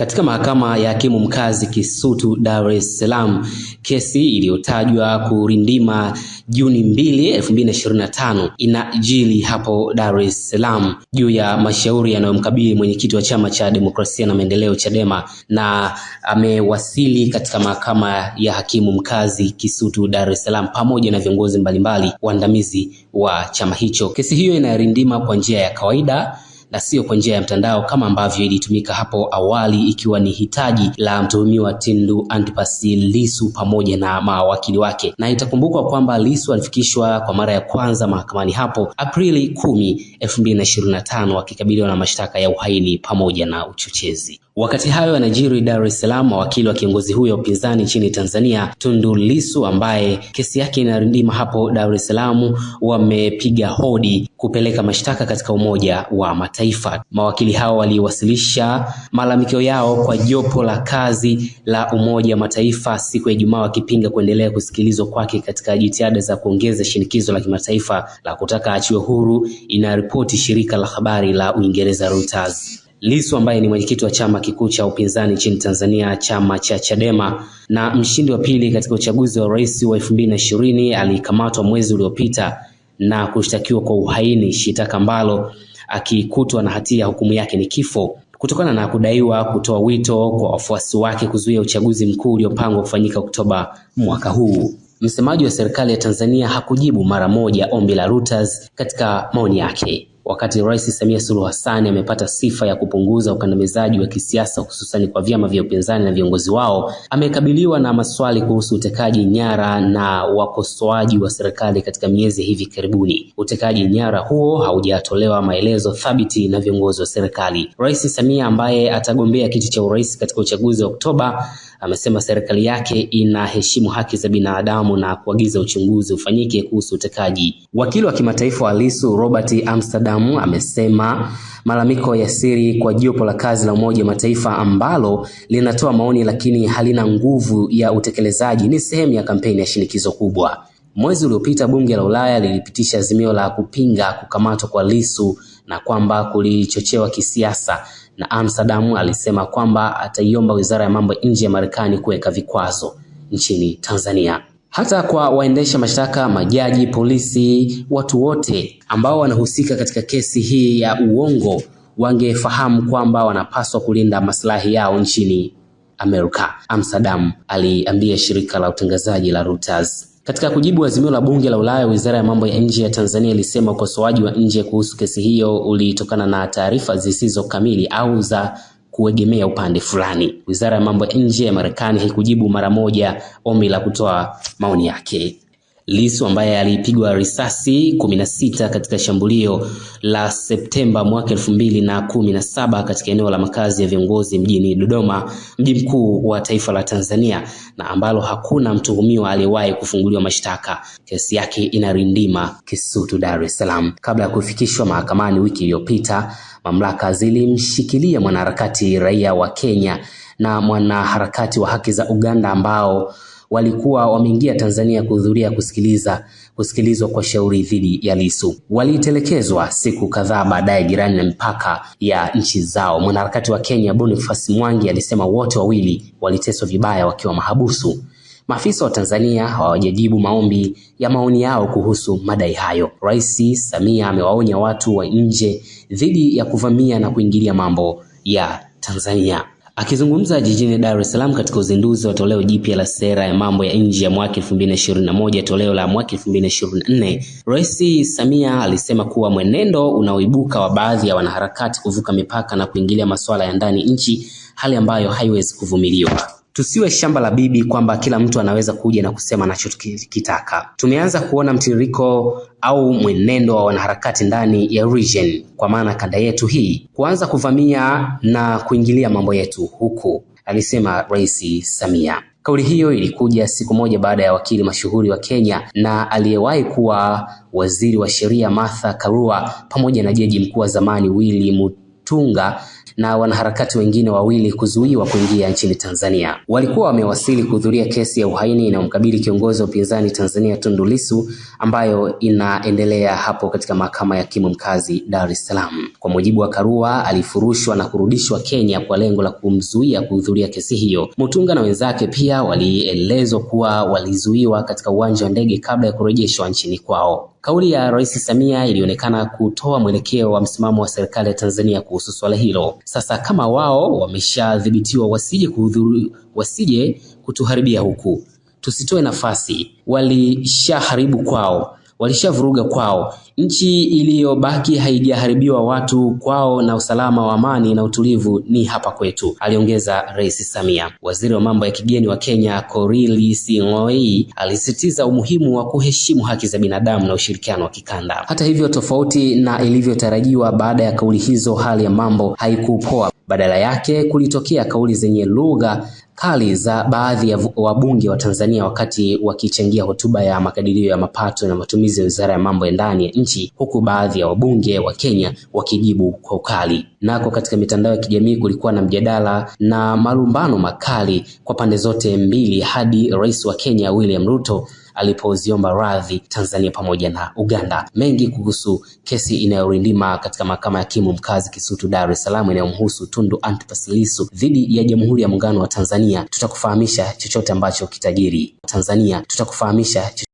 Katika mahakama ya hakimu mkazi Kisutu, Dar es Salaam, kesi iliyotajwa kurindima Juni 2, 2025 inajili hapo Dar es Salaam juu ya mashauri yanayomkabili mwenyekiti wa Chama cha Demokrasia na Maendeleo Chadema, na amewasili katika mahakama ya hakimu mkazi Kisutu, Dar es Salaam pamoja na viongozi mbalimbali waandamizi wa chama hicho. Kesi hiyo inarindima kwa njia ya kawaida na sio kwa njia ya mtandao kama ambavyo ilitumika hapo awali, ikiwa ni hitaji la mtuhumiwa Tundu Antipas Lissu pamoja na mawakili wake. Na itakumbukwa kwamba Lissu alifikishwa kwa mara ya kwanza mahakamani hapo Aprili 10, 2025 tano akikabiliwa na mashtaka ya uhaini pamoja na uchochezi. Wakati hayo yanajiri Dar es Salaam, wakili wa kiongozi huyo upinzani nchini Tanzania Tundu Lissu, ambaye kesi yake inarindima hapo Dar es Salaam, wamepiga hodi kupeleka mashtaka katika Umoja wa Mataifa. Mawakili hao waliwasilisha malalamiko yao kwa jopo la kazi la Umoja wa Mataifa siku ya Ijumaa, wakipinga kuendelea kusikilizwa kwake katika jitihada za kuongeza shinikizo la kimataifa la kutaka achiwe huru, inaripoti shirika la habari la Uingereza Reuters. Lissu ambaye ni mwenyekiti wa chama kikuu cha upinzani nchini Tanzania, chama cha Chadema na mshindi wa pili katika uchaguzi wa rais wa elfu mbili na ishirini alikamatwa mwezi uliopita na kushtakiwa kwa uhaini, shitaka ambalo akikutwa na hatia hukumu yake ni kifo kutokana na kudaiwa kutoa wito kwa wafuasi wake kuzuia uchaguzi mkuu uliopangwa kufanyika Oktoba mwaka huu. Msemaji wa serikali ya Tanzania hakujibu mara moja ombi la Reuters katika maoni yake wakati Rais Samia Suluhu Hassan amepata sifa ya kupunguza ukandamizaji wa kisiasa hususani kwa vyama vya upinzani na viongozi wao, amekabiliwa na maswali kuhusu utekaji nyara na wakosoaji wa serikali katika miezi hivi karibuni. Utekaji nyara huo haujatolewa maelezo thabiti na viongozi wa serikali. Rais Samia ambaye atagombea kiti cha urais katika uchaguzi wa Oktoba amesema serikali yake inaheshimu haki za binadamu na kuagiza uchunguzi ufanyike kuhusu utekaji. Wakili wa kimataifa wa Lissu Robert Amsterdam amesema malalamiko ya siri kwa jopo la kazi la Umoja wa Mataifa ambalo linatoa maoni lakini halina nguvu ya utekelezaji ni sehemu ya kampeni ya shinikizo kubwa. Mwezi uliopita bunge la Ulaya lilipitisha azimio la kupinga kukamatwa kwa Lissu na kwamba kulichochewa kisiasa na Amsterdam alisema kwamba ataiomba Wizara ya Mambo ya Nje ya Marekani kuweka vikwazo nchini Tanzania. Hata kwa waendesha mashtaka, majaji, polisi, watu wote ambao wanahusika katika kesi hii ya uongo wangefahamu kwamba wanapaswa kulinda maslahi yao nchini Amerika. Amsterdam aliambia shirika la utangazaji la Reuters. Katika kujibu azimio la bunge la Ulaya, wizara ya mambo ya nje ya Tanzania ilisema ukosoaji wa nje kuhusu kesi hiyo ulitokana na taarifa zisizo kamili au za kuegemea upande fulani. Wizara ya mambo ya nje ya Marekani haikujibu mara moja ombi la kutoa maoni yake. Lissu ambaye alipigwa risasi 16 katika shambulio la Septemba mwaka 2017 katika eneo la makazi ya viongozi mjini Dodoma, mji mkuu wa taifa la Tanzania, na ambalo hakuna mtuhumiwa aliyewahi kufunguliwa mashtaka. Kesi yake inarindima Kisutu, Dar es Salaam. Kabla ya kufikishwa mahakamani wiki iliyopita, mamlaka zilimshikilia mwanaharakati raia wa Kenya na mwanaharakati wa haki za Uganda ambao walikuwa wameingia Tanzania kuhudhuria kusikiliza kusikilizwa kwa shauri dhidi ya Lissu. Walitelekezwa siku kadhaa baadaye jirani na mipaka ya nchi zao. Mwanaharakati wa Kenya Boniface Mwangi alisema wote wawili waliteswa vibaya wakiwa mahabusu. Maafisa wa Tanzania hawajajibu maombi ya maoni yao kuhusu madai hayo. Rais Samia amewaonya watu wa nje dhidi ya kuvamia na kuingilia mambo ya Tanzania. Akizungumza jijini Dar es Salaam katika uzinduzi wa toleo jipya la sera ya mambo ya nje ya mwaka 2021 toleo la mwaka 2024, Rais Samia alisema kuwa mwenendo unaoibuka wa baadhi ya wanaharakati kuvuka mipaka na kuingilia masuala ya ndani nchi, hali ambayo haiwezi kuvumiliwa. Tusiwe shamba la bibi kwamba kila mtu anaweza kuja na kusema anachokitaka. Tumeanza kuona mtiririko au mwenendo wa wanaharakati ndani ya region, kwa maana kanda yetu hii, kuanza kuvamia na kuingilia mambo yetu huku, alisema Rais Samia. Kauli hiyo ilikuja siku moja baada ya wakili mashuhuri wa Kenya na aliyewahi kuwa waziri wa sheria Martha Karua pamoja na jaji mkuu wa zamani Willy Mutunga na wanaharakati wengine wawili kuzuiwa kuingia nchini Tanzania. Walikuwa wamewasili kuhudhuria kesi ya uhaini inayomkabili kiongozi wa upinzani Tanzania Tundu Lissu ambayo inaendelea hapo katika mahakama ya hakimu mkazi Dar es Salaam. Kwa mujibu wa Karua, alifurushwa na kurudishwa Kenya kwa lengo la kumzuia kuhudhuria kesi hiyo. Mutunga na wenzake pia walielezwa kuwa walizuiwa katika uwanja wa ndege kabla ya kurejeshwa nchini kwao. Kauli ya Rais Samia ilionekana kutoa mwelekeo wa msimamo wa serikali ya Tanzania kuhusu swala hilo. Sasa kama wao wameshadhibitiwa, wasije kuhudhuru, wasije kutuharibia huku, tusitoe nafasi, walishaharibu kwao. Walishavuruga kwao. Nchi iliyobaki haijaharibiwa watu kwao, na usalama wa amani na utulivu ni hapa kwetu, aliongeza Rais Samia. Waziri wa mambo ya kigeni wa Kenya Korili Sing'oei alisisitiza umuhimu wa kuheshimu haki za binadamu na ushirikiano wa kikanda. Hata hivyo, tofauti na ilivyotarajiwa, baada ya kauli hizo, hali ya mambo haikupoa. Badala yake kulitokea kauli zenye lugha kali za baadhi ya wabunge wa Tanzania wakati wakichangia hotuba ya makadirio ya mapato na matumizi ya Wizara ya Mambo ya Ndani ya nchi, huku baadhi ya wabunge wa Kenya wakijibu kwa ukali. Nako katika mitandao ya kijamii kulikuwa na mjadala na malumbano makali kwa pande zote mbili hadi Rais wa Kenya William Ruto alipoziomba radhi Tanzania pamoja na Uganda. Mengi kuhusu kesi inayorindima katika mahakama ya hakimu mkazi Kisutu Dar es Salaam inayomhusu Tundu Antipas Lissu dhidi ya Jamhuri ya Muungano wa Tanzania, tutakufahamisha chochote ambacho kitajiri Tanzania, tutakufahamisha